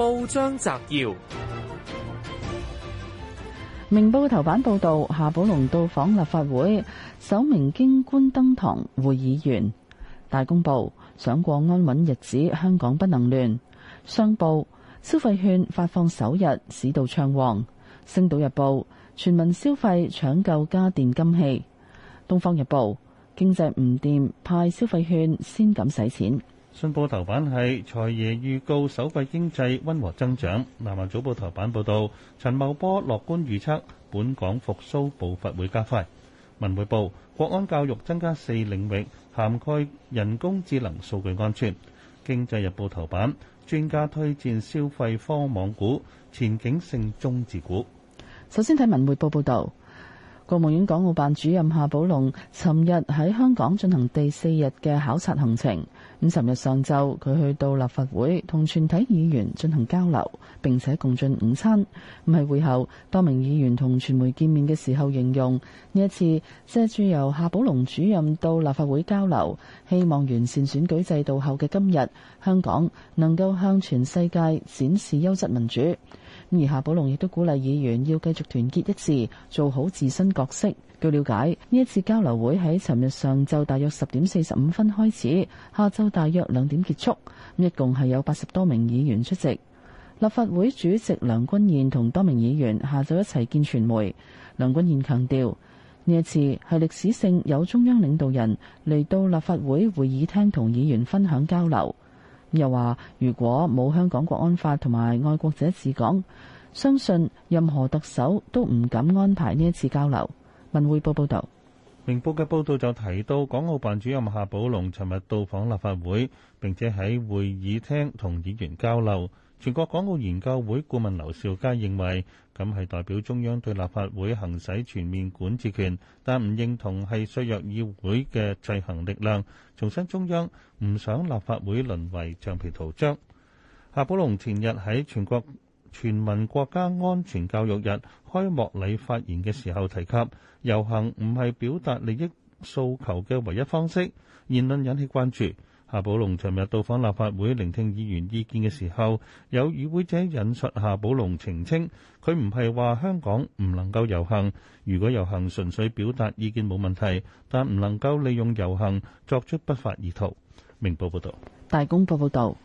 報章摘要：明報頭版報道夏寶龍到訪立法會，首名京官登堂會議員。大公報想過安穩日子，香港不能亂。商報消費券發放首日，市道暢旺。星島日報全民消費搶購家電金器。東方日報經濟唔掂，派消費券先敢使錢。信報頭版係財爺預告首季經濟温和增長。南華早報頭版報道，陳茂波樂觀預測本港復蘇步伐會加快。文匯報國安教育增加四領域，涵蓋人工智能、數據安全。經濟日報頭版專家推薦消費科網股前景勝中資股。首先睇文匯報報道，國務院港澳辦主任夏寶龍尋日喺香港進行第四日嘅考察行程。尋日上晝，佢去到立法會同全體議員進行交流，並且共進午餐。噉係會後，多名議員同傳媒見面嘅時候形容呢一次借住由夏寶龍主任到立法會交流，希望完善選舉制度後嘅今日香港能夠向全世界展示優質民主。而夏寶龍亦都鼓勵議員要繼續團結一致，做好自身角色。據了解，呢一次交流會喺尋日上晝大約十點四十五分開始，下晝大約兩點結束。一共係有八十多名議員出席。立法會主席梁君彥同多名議員下晝一齊見傳媒。梁君彥強調，呢一次係歷史性，有中央領導人嚟到立法會會議廳同議員分享交流。又話，如果冇香港國安法同埋愛國者治港，相信任何特首都唔敢安排呢一次交流。文匯報報道，明報嘅報道就提到，港澳辦主任夏寶龍尋日到訪立法會，並且喺會議廳同議員交流。全國港澳研究會顧問劉兆佳認為，咁係代表中央對立法會行使全面管治權，但唔認同係削弱議會嘅制衡力量。重申中央唔想立法會淪為橡皮圖章。夏寶龍前日喺全國。全民國家安全教育日開幕禮發言嘅時候提及，遊行唔係表達利益訴求嘅唯一方式。言論引起關注。夏寶龍尋日到訪立法會，聆聽議員意見嘅時候，有與會者引述夏寶龍澄清，佢唔係話香港唔能夠遊行。如果遊行純粹表達意見冇問題，但唔能夠利用遊行作出不法意圖。明報報道。大公報報導。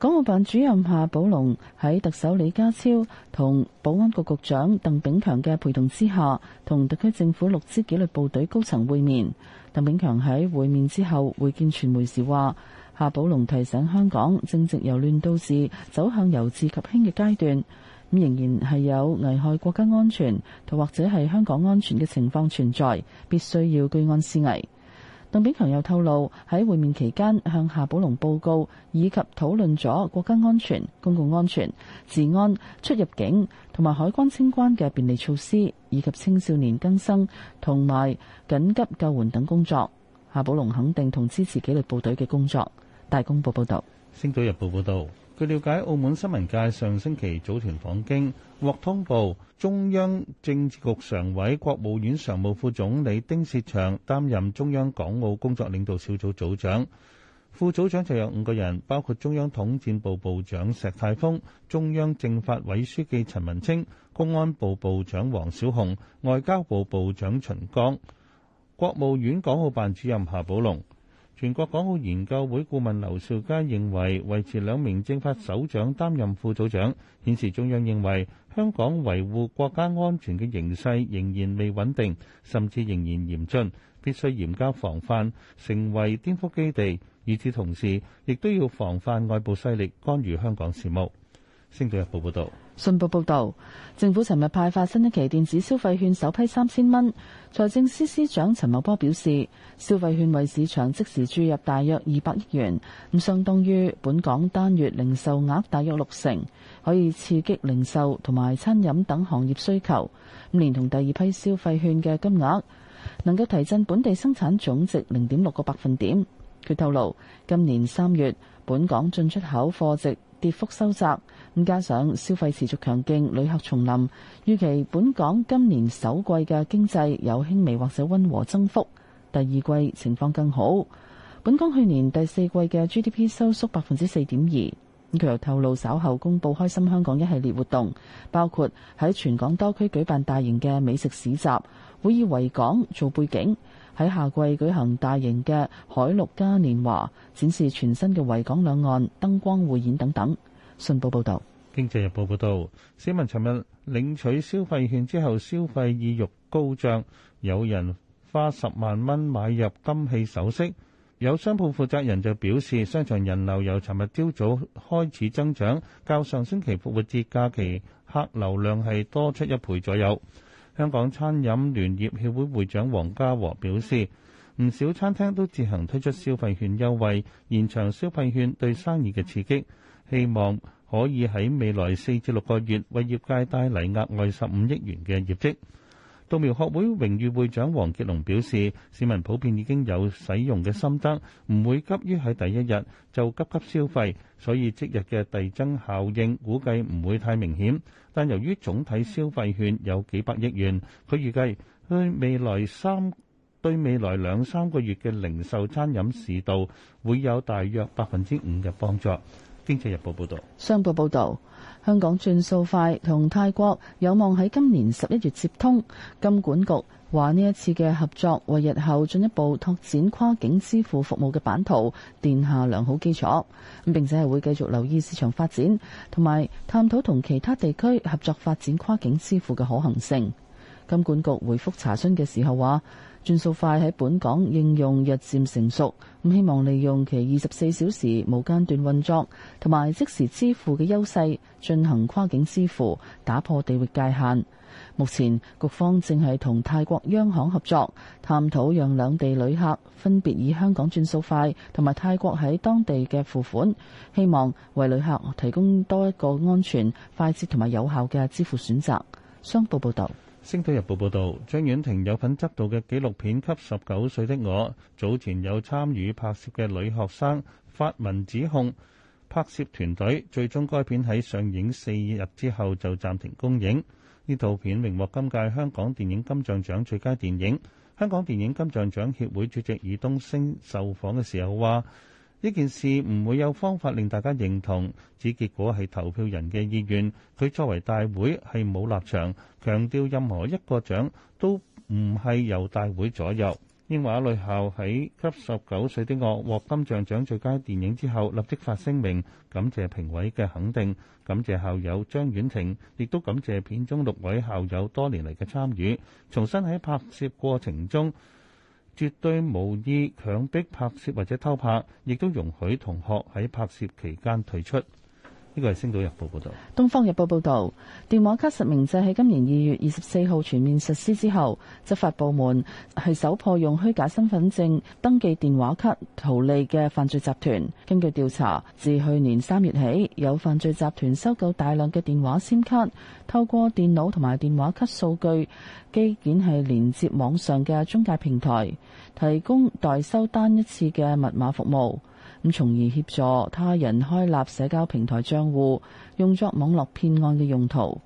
港澳辦主任夏寶龍喺特首李家超同保安局局長鄧炳強嘅陪同之下，同特區政府六支紀律部隊高層會面。鄧炳強喺會面之後會見傳媒時話：夏寶龍提醒香港正值由亂到治走向由治及興嘅階段，仍然係有危害國家安全同或者係香港安全嘅情況存在，必須要居安思危。鄧炳強又透露喺會面期間向夏寶龍報告以及討論咗國家安全、公共安全、治安、出入境同埋海關清關嘅便利措施，以及青少年更生同埋緊急救援等工作。夏寶龍肯定同支持紀律部隊嘅工作。大公報報道，《星島日報》報道。據了解，澳門新聞界上星期組團訪京，獲通報中央政治局常委、國務院常務副總理丁薛祥擔任中央港澳工作領導小組組長，副組長就有五個人，包括中央統戰部部長石泰峰、中央政法委書記陳文清、公安部部長王小洪、外交部部長秦剛、國務院港澳辦主任夏寶龍。全國港澳研究會顧問劉兆佳認為，維持兩名政法首長擔任副組長，顯示中央認為香港維護國家安全嘅形勢仍然未穩定，甚至仍然嚴峻，必須嚴加防範，成為顛覆基地。與此同時，亦都要防範外部勢力干預香港事務。星島日報報道。信報報導，政府尋日派發新一期電子消費券，首批三千蚊。財政司司長陳茂波表示，消費券為市場即時注入大約二百億元，咁相當於本港單月零售額大約六成，可以刺激零售同埋餐飲等行業需求。咁連同第二批消費券嘅金額，能夠提振本地生產總值零點六個百分點。佢透露，今年三月本港進出口貨值，跌幅收窄，咁加上消費持續強勁，旅客重臨，預期本港今年首季嘅經濟有輕微或者温和增幅，第二季情況更好。本港去年第四季嘅 GDP 收縮百分之四點二，咁佢又透露稍後公布開心香港一系列活動，包括喺全港多區舉辦大型嘅美食市集，會以維港做背景。喺夏季舉行大型嘅海陸嘉年華，展示全新嘅維港兩岸燈光匯演等等。《信報》報道，《經濟日報》報道，市民尋日領取消費券之後，消費意欲高漲，有人花十萬蚊買入金器首飾。有商鋪負責人就表示，商場人流由尋日朝早開始增長，較上星期復活節假期客流量係多出一倍左右。香港餐飲聯業協會會長黃家和表示，唔少餐廳都自行推出消費券優惠，延長消費券對生意嘅刺激，希望可以喺未來四至六個月為業界帶嚟額外十五億元嘅業績。度苗學會榮譽會長王杰龍表示，市民普遍已經有使用嘅心得，唔會急於喺第一日就急急消費，所以即日嘅遞增效應估計唔會太明顯，但由於總體消費券有幾百億元，佢預計對未來三對未來兩三個月嘅零售餐飲市道會有大約百分之五嘅幫助。經濟日報報道，商報報道。香港轉數快，同泰國有望喺今年十一月接通。金管局話呢一次嘅合作，為日後進一步拓展跨境支付服務嘅版圖，奠下良好基礎。咁並且係會繼續留意市場發展，同埋探討同其他地區合作發展跨境支付嘅可行性。金管局回覆查詢嘅時候話。轉數快喺本港應用日漸成熟，咁希望利用其二十四小時無間斷運作同埋即時支付嘅優勢，進行跨境支付，打破地域界限。目前，局方正係同泰國央行合作，探討讓兩地旅客分別以香港轉數快同埋泰國喺當地嘅付款，希望為旅客提供多一個安全、快捷同埋有效嘅支付選擇。商報報道。《星島日報》報導，張婉婷有份執導嘅紀錄片《給十九歲的我》，早前有參與拍攝嘅女學生發文指控拍攝團隊，最終該片喺上映四日之後就暫停公映。呢套片榮獲今屆香港電影金像獎最佳電影。香港電影金像獎協會主席爾冬升受訪嘅時候話：呢件事唔會有方法令大家認同，只結果係投票人嘅意願，佢作為大會係冇立場強調任何一個獎都唔係由大會左右。英華女校喺給十九歲的我獲金像獎最佳電影之後立即發聲明感謝評委嘅肯定，感謝校友張婉婷，亦都感謝片中六位校友多年嚟嘅參與，重新喺拍攝過程中。絕對無意強迫拍攝或者偷拍，亦都容許同學喺拍攝期間退出。呢個係《星島日報》報導，《東方日報》報導，電話卡實名制喺今年二月二十四號全面實施之後，執法部門係首破用虛假身份證登記電話卡圖利嘅犯罪集團。根據調查，自去年三月起，有犯罪集團收購大量嘅電話 SIM 卡，透過電腦同埋電話卡數據，機件係連接網上嘅中介平台，提供代收單一次嘅密碼服務。從而協助他人開立社交平台賬戶，用作網絡騙案嘅用途。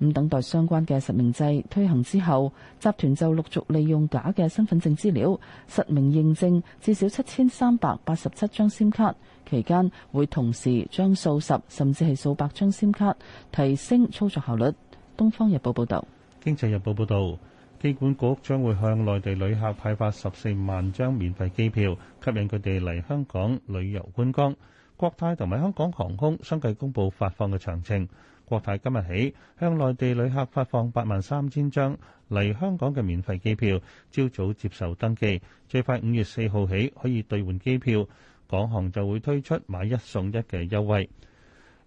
咁等待相關嘅實名制推行之後，集團就陸續利用假嘅身份證資料實名認證，至少七千三百八十七張 SIM 卡。期間會同時將數十甚至係數百張 SIM 卡提升操作效率。東方日報報道。經濟日報報道。機管局將會向內地旅客派發十四萬張免費機票，吸引佢哋嚟香港旅遊觀光。國泰同埋香港航空相繼公佈發放嘅詳情。國泰今日起向內地旅客發放八萬三千張嚟香港嘅免費機票，朝早接受登記，最快五月四號起可以兌換機票。港航就會推出買一送一嘅優惠。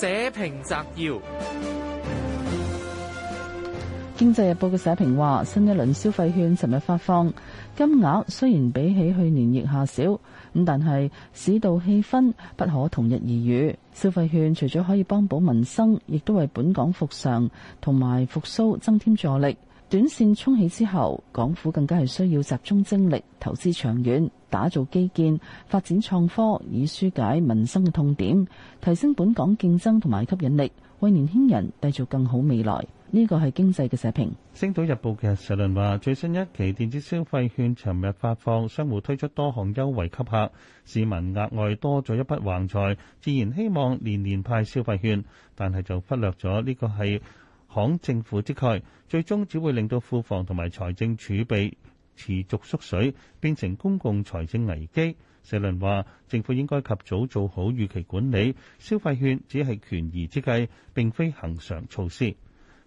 社評摘要：經濟日報嘅社評話，新一輪消費券尋日發放，金額雖然比起去年亦下少，咁但係市道氣氛不可同日而語。消費券除咗可以幫補民生，亦都為本港復常同埋復甦增添助力。短線衝起之後，港府更加係需要集中精力投資長遠，打造基建、發展創科，以疏解民生嘅痛點，提升本港競爭同埋吸引力，為年輕人製造更好未來。呢個係經濟嘅社評。星島日報嘅社論話：最新一期電子消費券尋日發放，商戶推出多項優惠給客，市民額外多咗一筆橫財，自然希望年年派消費券，但係就忽略咗呢個係。行政府積累最終只會令到庫房同埋財政儲備持續縮水，變成公共財政危機。社論話政府應該及早做好預期管理，消費券只係權宜之計並非恒常措施。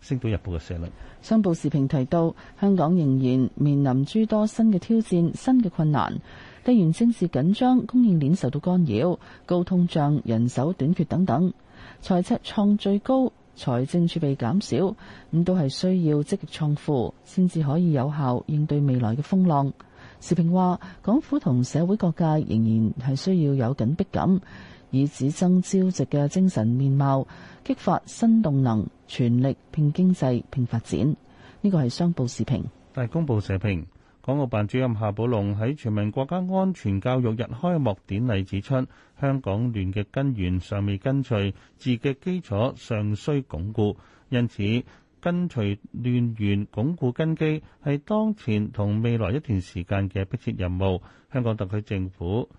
星島日報嘅社論。商報時評提到，香港仍然面臨諸多新嘅挑戰新嘅困難，地緣政治緊張供應鏈受到干擾高通脹人手短缺等等，財赤創最高。財政儲備減少，咁都係需要積極創富，先至可以有效應對未來嘅風浪。時評話，港府同社會各界仍然係需要有緊迫感，以只爭朝夕嘅精神面貌，激發新動能，全力拼經濟、拼發展。呢個係商報時評，大公報社評。港澳辦主任夏寶龍喺全民國家安全教育日開幕典禮指出，香港亂嘅根源尚未根除，治嘅基礎尚需鞏固，因此根除亂源、鞏固根基係當前同未來一段時間嘅迫切任務。香港特區政府、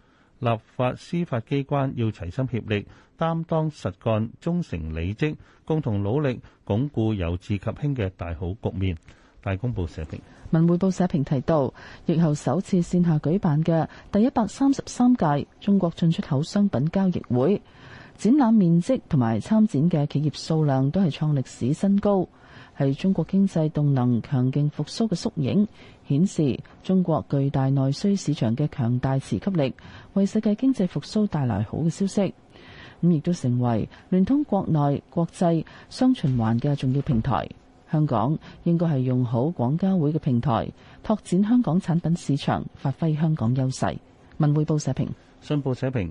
立法、司法機關要齊心協力，擔當實幹，忠誠履職，共同努力鞏固由治及興嘅大好局面。大公報社評，文匯報社評提到，疫後首次線下舉辦嘅第一百三十三屆中國進出口商品交易會，展覽面積同埋參展嘅企業數量都係創歷史新高，係中國經濟動能強勁復蘇嘅縮影，顯示中國巨大內需市場嘅強大磁吸力，為世界經濟復蘇帶來好嘅消息。咁亦都成為聯通國內國際雙循環嘅重要平台。香港應該係用好廣交會嘅平台，拓展香港產品市場，發揮香港優勢。文匯報社評，信報社評。